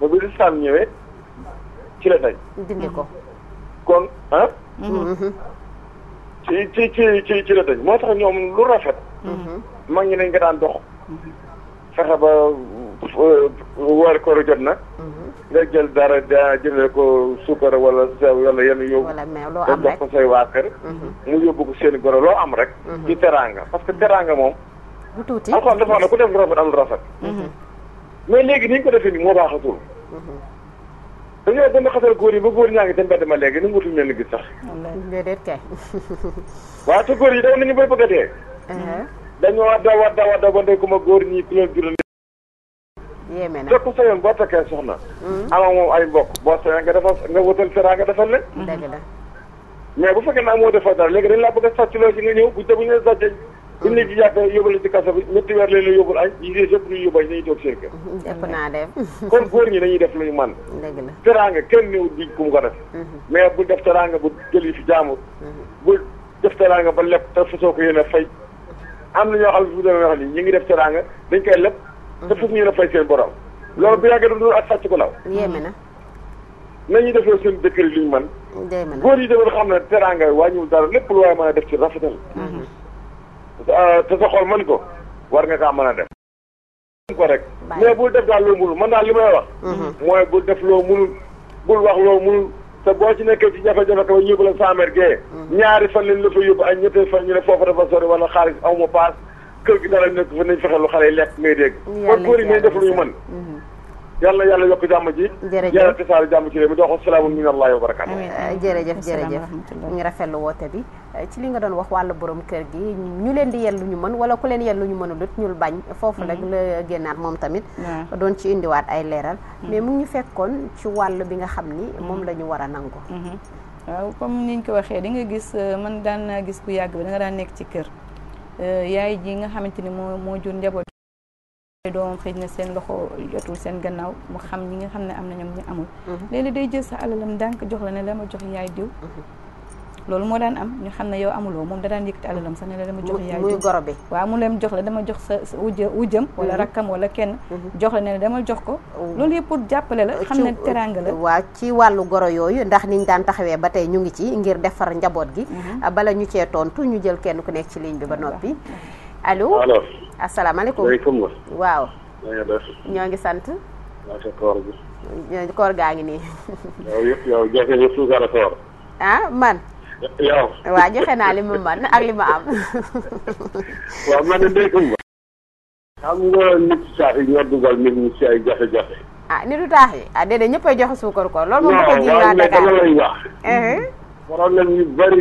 mais bu lislaam ñëwee ci la tey. dindi ko kon ah. ci ci ci ci la tey moo tax ñoom lu rafet. Mm-hmm. mag ñi lañ ko daan dox. Mm-hmm. fexe ba euh, woor koor jot na. Mm-hmm. nga jël dara daa jëlee ko suukar wala sew wala yenn yóbbu. wala meew loo am rek ko say waa kër. mu yóbbu ko seen goro loo am rek. di teraanga parce que teraanga moom. bu tuuti alxam dafa ne ku def lu rafet am rafet. mais léegi ni ñu ko defee nii moo baaxatul. dañoo gën a xasal góor yi ba góor ñaa ngi dem mbedd ma léegi nu mu wutuñu leen gis sax. déedéet kay. waaw te góor yi daw nañu bay bëgg a dee. Mm-hmm. dañoo daw a daw a daw ba nekkuma góor ñi ku leen jural. yéeme na ku boo takkee soxna. Mm-hmm. amoo moom ay mbokk boo sa yoon nga defal nga wutal sera nga defal leen. dëgg la. mais bu fekkee ne amoo defal dara léegi dañ laa bëgg a sàcc loo ci nga ñëw buñ demuñu la sàccee. buñ ci jàppee bi ñetti weer leen la yóbbul ay yi des yëpp ñu yóbbaay def naa def. kon góor ñi dañuy def mm-hmm. mais bul def teraanga bu jëli fi jaamur. bu def te teraanga ba lepp te fasoo ko yéene fay am na ñoo xam ne fu doon wax ñu ngi def teraanga dañ koy leb te foofu ñu la fay seen borom loolu bu yàggee daf doon ak sàcc ko law na nañu defee seen dëkk yi li ñu mën góor yi demoon xam ne teraanga wàññiwul dara lépp lu waaye mën a def ci rafetal mhm. te sa xol man ko war nga kaa man a def ko rek mais bul def daal loo mënul man daal li may wax mhm. mooy bul def loo mënul bul wax loo mënul te boo ci nekkee ci jafe-jafe ka yóbbu la saamer gee mm. ñaari fan lañ la fa yóbbu ak ñetti fan ñu ne foofu dafa sori wala xaalis aw ma paas kër gi dara nekk fa nañ fexe lu xale yi lekk ngay dégg mm. kon góor yi nañ def lu ñu mën yàlla yàlla yokk jàmm ji. jërëjëf yàlla tasaare jàmm ci réew mi doo ko salaamun min allahi wa barakaatu. jërëjëf jërëjëf ñu woote bi. ci li nga doon wax wàllu boroom kër gi ñu leen di yel lu ñu mën wala ku leen yel lu ñu mënulut ñul bañ. foofu rek mm-hmm. la génnaat moom tamit. doon ci indiwaat ay leeral. Mm-hmm. mais mu ñu fekkoon ci wàll bi nga xam ni moom mm-hmm. la ñu war a nangu. waaw comme niñ ko waxee di nga gis euh, man daan naa gis bu yàgg bi da daan nekk ci kër euh, yaay ji nga xamante ni moo moo jur njaboot doomam xëy na seen loxo jotul seen gannaaw mu xam ñi nga xam ne am na ñoom ñu amul mhm. léeg day jël sa alalam dànk jox la ne la ma jox yaay diw mhm. loolu moo daan am ñu xam ne yow amuloo moom da daan yëkkati alalam sax ne la dama jox yaay goro bi waaw mu leen jox la dama jox sa wujj wujjam wala mhm. rakkam wala kenn jox la ne la jox ko loolu yëpp jàppale la xam ne teranga la waaw ci wàllu goro yooyu ndax niñ daan taxawee ba tey ñu ngi ci ngir defar njaboot gi bala ñu cee tontu ñu jël kenn ku nekk ci ligne bi ba noppi allo allo asalaamaaleykum maaleykum waaw. ñoo ngi sant. naka gi. ñoo koor gaa ngi nii. yow yëpp yow joxe nga suukar koor. ah man. yow. waaw joxe naa li man ak li am. waaw man de dégg nga. xam nga nit ah, yi ah nitu taax joxe suukar koor loolu moom. ko ji waa Dakar non lay wax. problème yu bari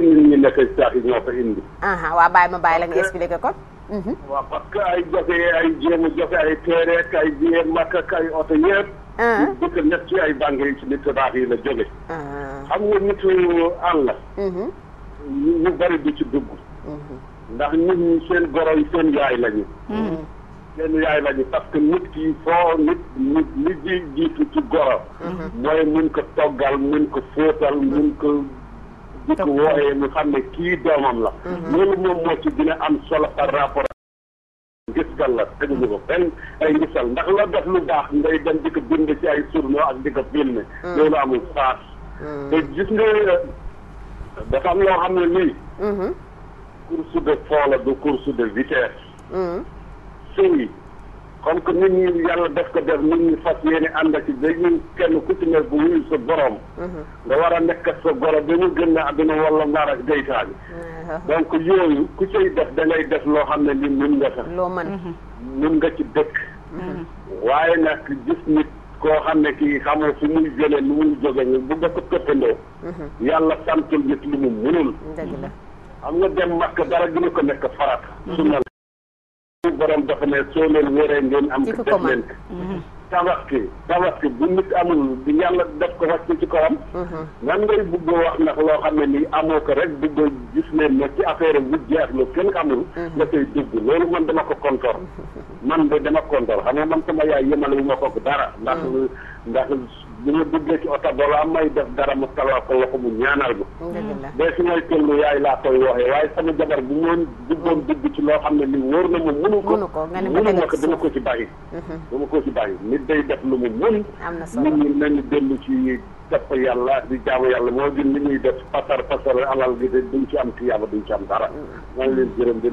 ah, ma bàyyi la nga expliqué ko. Mhm. waaw parce que ay joxe ay jéem a ay teere ak ay biyee makk ak ay oto yëpp. Ah. bëgg nekk ci ay banque yi ci nit baax yi la jóge ah. xam nga nitu àll. Mhm. ñu bari du ci dugg. Mhm. ndax nit ñi seen goro yi seen yaay lañu. seen yaay lañu parce que nit ki foo nit nit li ji jiitu ci goro. mooy mun ko toggal mun ko fóotal mun ko. bu ko wooyee ñu ne kii doomam la. Mhm. loolu moom moo ci dina am solo par rapport gis gal la teguñu ko benn ay misal ndax la def lu baax ngay dem di ko bind ci ay surno ak di ko filmé mhm. loolu amul saas mhm. te gis nga dafa am loo xam ne lii course de foola du course de vitesse sëy comme que nit ñi yàlla def ko def nit ñi fas yéene ànd ci dañuy kenn ku ci nekk bu wuyu sa borom. Mhm. nga war a nekk sa goro ba mu gën a àdduna wala naar ak deytaani mhm. donc yooyu ku cay def da ngay def loo xam ne ni mun nga sax. loo mën mun mhm. nga ci dëkk. waaye nag gis nit koo xam ne kii xamoo fi muy jëlee lu muy jóge ñu bu nga ko këppandoo. yàlla santul nit lu mu munul. dëgg xam nga dem makk dara gënu ko nekk farata. sunna suñu borom dafa ne soo leen wéree ngeen am ko def leen mhm. tabaski tabaski bu nit amul di yàlla def ko wàcc ci kawam nan mhm. ngay bugg wax nag loo xam ne ni amoo ko rek bugg gis leen ne ci affaire wujje ak lu kenn amul mhm. nga koy dugg loolu man dama ko kontor man de dama kontor xam nga man sama yaay yemale wu ma ko dara ndax ndax bu ma duggee ci oto ba waa may def dara ma talal ko loxo mu ñaanal ma. dee su may tëllu yaay laa koy waxee waaye sama jabar bu moon duggoon dugg ci loo xam ne ni wóor na ma mënu ko. mënu ko nga ne ma ko dama ko ci bàyyi. Mm-hmm. dama ko ci bàyyi nit day def lu mu mën. am na solo nit ñi nañu dellu ci topp yàlla di jaamu yàlla moo gën li ñuy def pasar pasar alal gi de duñ ci am tiyaaba duñ ci am dara. Mm-hmm. maa ngi leen gërëm di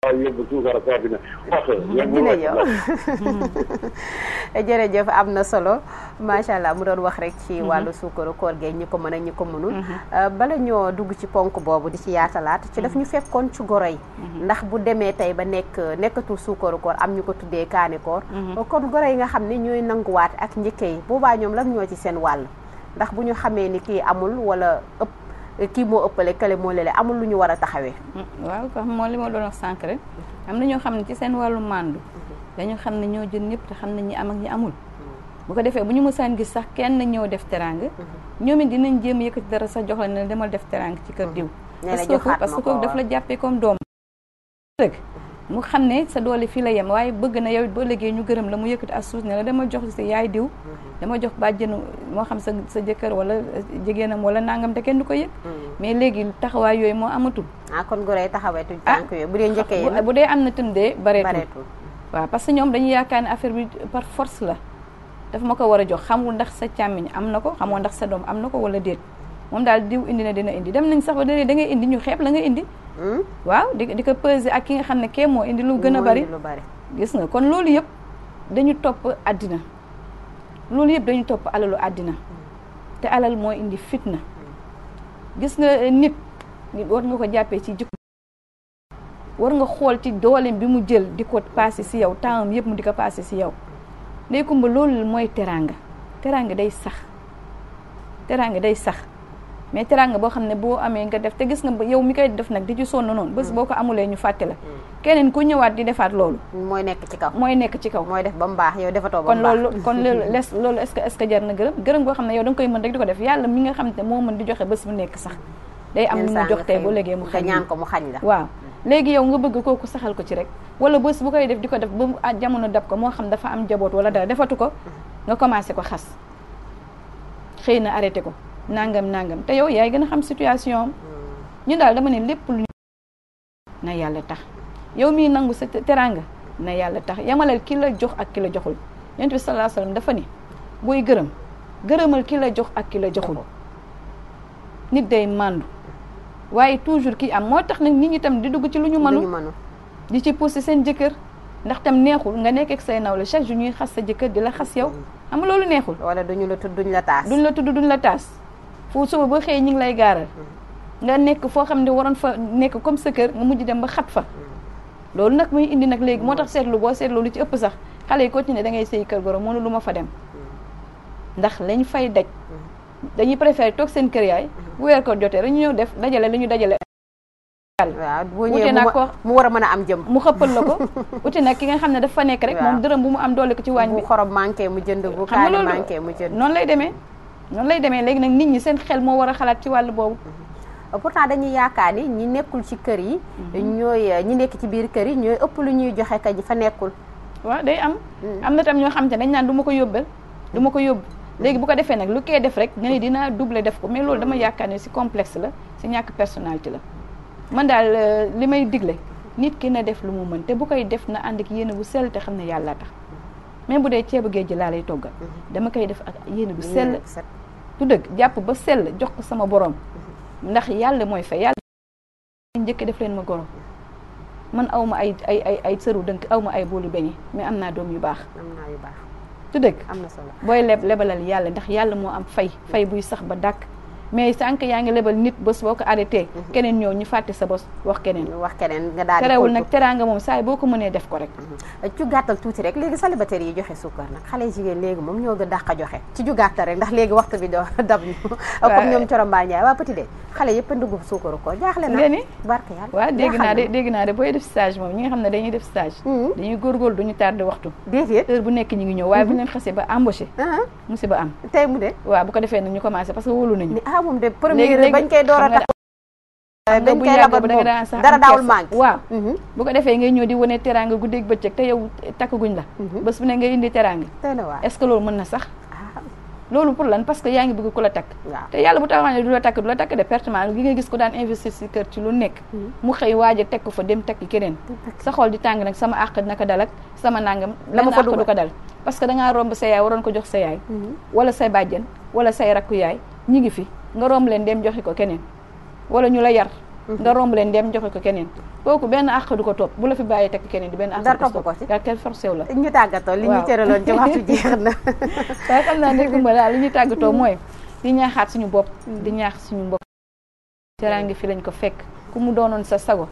jërëjëf am na solo macha allah mu doon wax rek ci mhm. wàllu suukaru koor geeg ñi ko mën ak ñi ko mënul mhm. euh, bala ñoo dugg ci ponk boobu di ci yaatalaat ci daf mhm. ñu fekkoon ci goro yi ndax bu demee tey ba nekk nekkatul suukaru koor am ñu ko tuddee kaani koor euh, kon goro yi nga xam ne ñooy nanguwaat ak njëkke yi boobaa ñoom lan ñoo ci seen wàll ndax bu ñu xamee ni kii amul wala kii moo ëppale kële amul lu ñu war a taxawee mm, waaw moo li ma doon wax sànq rek am na ñoo xam ne ci seen wàllu màndu dañu xam ne ñoo jën ñëpp te xam ne ñi am ak ñi amul bu ko defee bu ñu mësaan gis sax kenn ñëw def teranga mhm. ñoom dinañ jéem yëkkati dara sax jox la ne demal def teranga ci kër mhm. diw parce que parce que daf la jàppee comme doom rek mu xam ne sa doole fii la yem waaye bëgg na yow boo léegi ñu gërëm la mu yëkkati as suus ne la dama jox sa yaay diw mhm. dama jox bàjjenu moo xam sa sa jëkkër wala eh, jigéenam wala nangam de kenn du ko yëg mais léegi taxawaay yooyu moo amatul ah kon góor yi taxawaatul ah, tànk bu dee njëkkee bu dee am na tam dee bareetul waa parce que ñoom dañuy yaakaar ne affaire bi par force la dafa ma ko war a jox xamul ndax sa càmmiñ am na ko xamoo ndax sa doom am na ko wala déet moom daal diw indi na dina indi dem nañ sax ba da ngay indi ñu xeeb la nga indi hmm? waaw di di ko peser ak ki nga xam ne kenn moo indi lu gën a bari gis nga kon loolu yëpp dañu topp àddina loolu yëpp dañu topp alalu àddina te alal moo indi fitna gis nga eh, nit nit war nga ko jàppee ci jikko war nga xool ci dooleem bi mu jël di ko passé si yow temps yëpp mu di ko passé si yow day kumba loolu mooy teraanga teraanga day sax teraanga day sax mais teraanga boo xam ne boo amee nga def te gis nga yow mi koy def nag di ci sonn noonu bés mm. boo ko amulee ñu fàtte la mm. keneen ku ñëwaat di defaat loolu mooy nekk ci kaw mooy nekk ci kaw mooy def ba mu baax yow defatoo ba mu baax kon loolu kon loolu les loolu est-ce jar na gërëm gërëm goo xam ne yow da koy mën rek di ko def yàlla mi nga xam ne moo mën di joxe bés bu nekk sax day am lu mu jox tey boo léegi mu xañ ñaan ko mu xañ la waaw léegi yow nga bëgg kooku saxal ko ci rek wala bës bu koy def di ko def ba mu ah jamono dab ko moo xam dafa am jaboot wala dara defatu ko nga commencé ko xas xëy na arrêté ko nangam nangam te yow yaay gën a xam situation am hmm. ñu daal dama ne lépp lu na yàlla tax yow miy nangu sa teraanga na yàlla tax yamalal ki la jox ak ki la joxul yonent bi sallallahu dafa ni booy gërëm gërëmal ki la jox ak ki la joxul nit day màndu waaye toujours kii am moo tax nag nit ñi tam di dugg ci lu ñu mënul di ci pousser seen jëkkër ndax tam neexul nga nekk ak say nawle chaque jour ñuy xas sa jëkkër di la xas yow xam mm. nga loolu neexul wala duñu la tudd duñ la taas duñ la tudd duñ la taas fu suba ba xëy ñi ngi lay gaaral mm. nga nekk foo xam ne waroon fa nekk comme sa kër nga mujj dem ba xat fa mm. loolu nag muy indi nag léegi moo tax seetlu boo seetlu lu ci ëpp sax xale yi continué da ngay sëy kër goro mënu lu ma fa dem ndax fay daj dañuy préféré toog kër yaay bu weer ko jotee dañu ñëw def dajale li ñu dajale waaw boo ñëwee mu war a mën a am jëm mu xëppal la ko uti ki nga xam ne dafa nekk rek moom bu mu am doole ko ci waañ bi bu xorom manqué mu jënd bu kaani manqué mu jënd noonu lay demee noonu lay demee léegi nag nit ñi seen xel moo war a xalaat ci wàllu boobu mm-hmm. taa dañuy yaakaar ni ñi nekkul ci kër yi mm-hmm. ñooy ñi nekk ci biir kër yi ñooy ëpp lu ñuy joxe ka ñi fa nekkul waa day am mm-hmm. am na tam ñoo xam te dañ naan du ma ko yóbbal du ko yóbbu léegi bu ko defee nag lu koy def rek nga ne dinaa double def ko mais loolu dama yaakaar ne si complexe la si ñàkk ci la man daal euh, li may digle nit ki na def lu mu mën te bu koy def na ànd ak yéene bu sell te xam ne yàlla tax même bu dee ceebu géej gi laa lay toggal mhm. dama koy def ak yéene bu sell du dëgg jàpp ba sell jox ko sama borom mhm. ndax yàlla mooy fay yàlla njëkk def leen ma goro man awma ay ay ay ay sëru dënk aw ma ay boolu beñe mais am naa doom yu baax am naa yu baax du dëgg am na solo booy leb lebalal yàlla ndax yàlla moo am fay fay buy sax ba dàkk mais sànq yaa ngi lebal nit bés boo ko arrêté mhm. keneen ñëw ñu fàtte sa bos wax keneen wax keneen nga daal terewul nag teraanga moom saay boo ko mënee def ko rek ci mhm. gàttal tuuti rek léegi célibataire yi joxe suukar nag xale jigéen léegi moom ñoo gën dàq joxe ci ju gàttal rek ndax léegi waxtu bi doo dab ñu comme ñoom Coromba Ndiaye waa Petit Dé xale yëpp a ndugub suukaru ko jaaxle na ngeen ni naa de dégg naa de booy def stage moom ñi xam ne dañuy def stage hmm. dañuy góorgóorlu duñu tardé waxtu déedéet heure bu nekk ñi ngi ñëw waaye bu hmm. leen xasee ba embauché uh-huh. mu de waaw bu ko defee ñu commencé parce que wóolu defee ngay ñëw di wane teranga guddeeg bëccëg te yow takkaguñ la mm-hmm. bés bu ne ngay indi teranga est-ce na sax loolu pour lan parce que yaa ngi bëgg ku la takk te yàlla bu taxawaane du la takk du la takk de pertement gi nga gis ko daan investir si ci lu nekk hmm. mu xëy waaja teg ko fa dem takki keneen sa xool di tàng nag sama àq naka dalak sama nangam lama àq du ko dal parce que dangaa romb sa yaay waroon ko jox sa yaay hmm. wala say bàjjen wala say rakku yaay ñi ngi fi nga romb leen dem joxe ko keneen wala ñu la yar Mhm. nga romb leen dem joxe ko keneen kooku benn àq du ko topp bu la fi bàyyi tekk keneen di benn àq du ko topp yaa kenn forcé la ñu tàggatoo li ñu tëraloon ci waxtu jeex na waaye xam li ñuy tàggatoo mooy di ñaaxaat suñu bopp mhm. di ñaax suñu mbokk ngi fi lañ ko fekk ku mu doonoon sa sago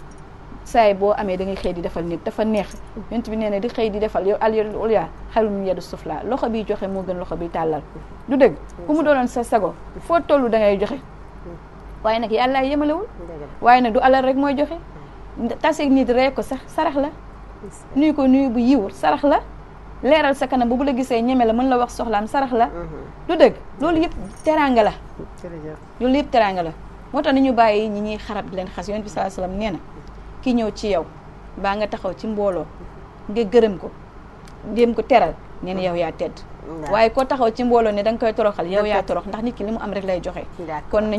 saay boo amee da ngay xëy di defal nit dafa neex mhm. yonent bi nee di xëy di defal yow al yadul ulya xayrun min yadis sufla loxo biy joxe moo gën loxo biy tàllal du dëgg ku mu doonoon sa sago foo toll da ngay joxe waaye nag yi yàlla yemalewul waaye nag du alal rek mooy joxe hmm. taseeg nit ree ko sax sarax la nuyu ko nuyu bu yiw sarax la leeral sa kanam ba bu la gisee ñemee la mën la wax soxlaam sarax la hmm. du dëgg loolu yëpp teraanga la loolu yëpp teraanga la moo tax ni ñu bàyyi ñi ñuy xarab leen xas yonent bi sallallahu alayhi wasallam nee na ki ñëw ci yow baa nga taxaw ci mbooloo nga gërëm ko dem ko teral nee na yow yaa tedd hmm. waaye koo taxaw ci mbooloo ne da nga koy toroxal yow yaa torox ndax nit ki mu am rek lay joxe kon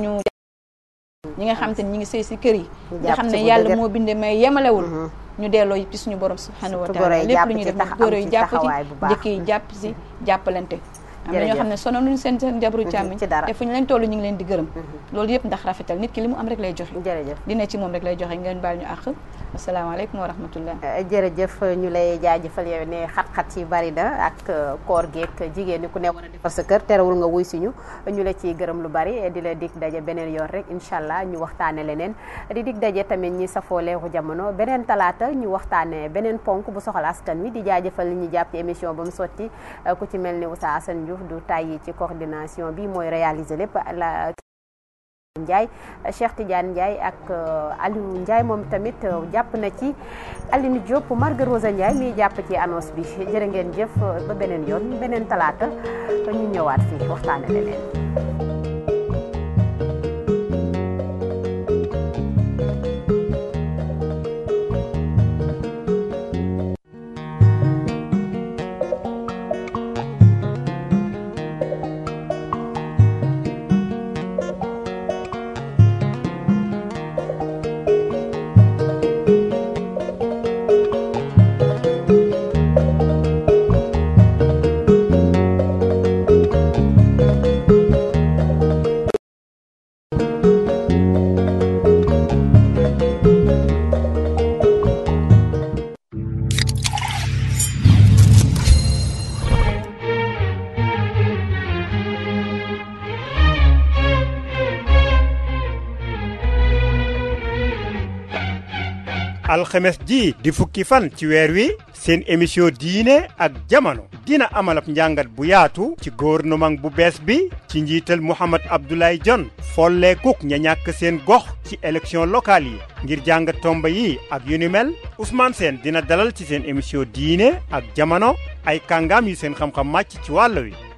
ñi nga xam te ni ñu ngi sëy si kër yi nga xam ne yàlla moo binde may yemalewul mm-hmm. ñu delloo ci suñu borom subhanahu wa taala lépp ñu ñuy def góor yi jàpp ci jëkk yi jàpp si mm-hmm. jàppalante am na ñoo xam ne sonaluñu seen seen jabaru càmmiñ te fu ñu leen toll ñu ngi leen di gërëm mm-hmm. loolu yëpp ndax rafetal nit ki li mu am rek lay joxe li ne ci moom rek lay joxe ngeen baal ñu àq asalaamaaleykum eh, ñu lay jaajëfal yow ne xat-xat yi bari na ak eh, koor geek jigéen ñi ku ne war a defar sa kër terewul nga wuy suñu ñu la ciy gërëm lu bari di la dig daje beneen yoon rek incha allah ñu waxtaane leneen di dig daje tamit ñi safoo leeru jamono beneen talaata ñu waxtaane beneen ponk bu soxal askan wi di jaajëfal li ñu jàpp ci émission ba mu sotti eh, ku ci mel ni Oustaz Assane Diouf du tàyyi ci coordination bi mooy réaliser lépp la Ndiaye Cheikh Tidiane ak euh, Aliou Ndiaye moom tamit euh, jàpp na ci Aline Diop Marga Rosa Ndiaye mi jàpp ci annonce bi jërë ngeen jëf ba beneen yoon beneen talaata ñu ñëwaat fii waxtaane leneen alxames ji di fukki fan ci weer wi seen émission diine ak jamono dina amalab njàngat bu yaatu ci gouvernement bu bees bi ci njiital Mouhamed Abdoulaye Dione folleekuk ña ñàkk seen gox ci élection locale yi ngir jàngat tomba yi ak yu ni mel Ousmane Sène dina dalal ci seen émission diine ak jamono ay kàngaam yu seen xam-xam màcc ci wàll wi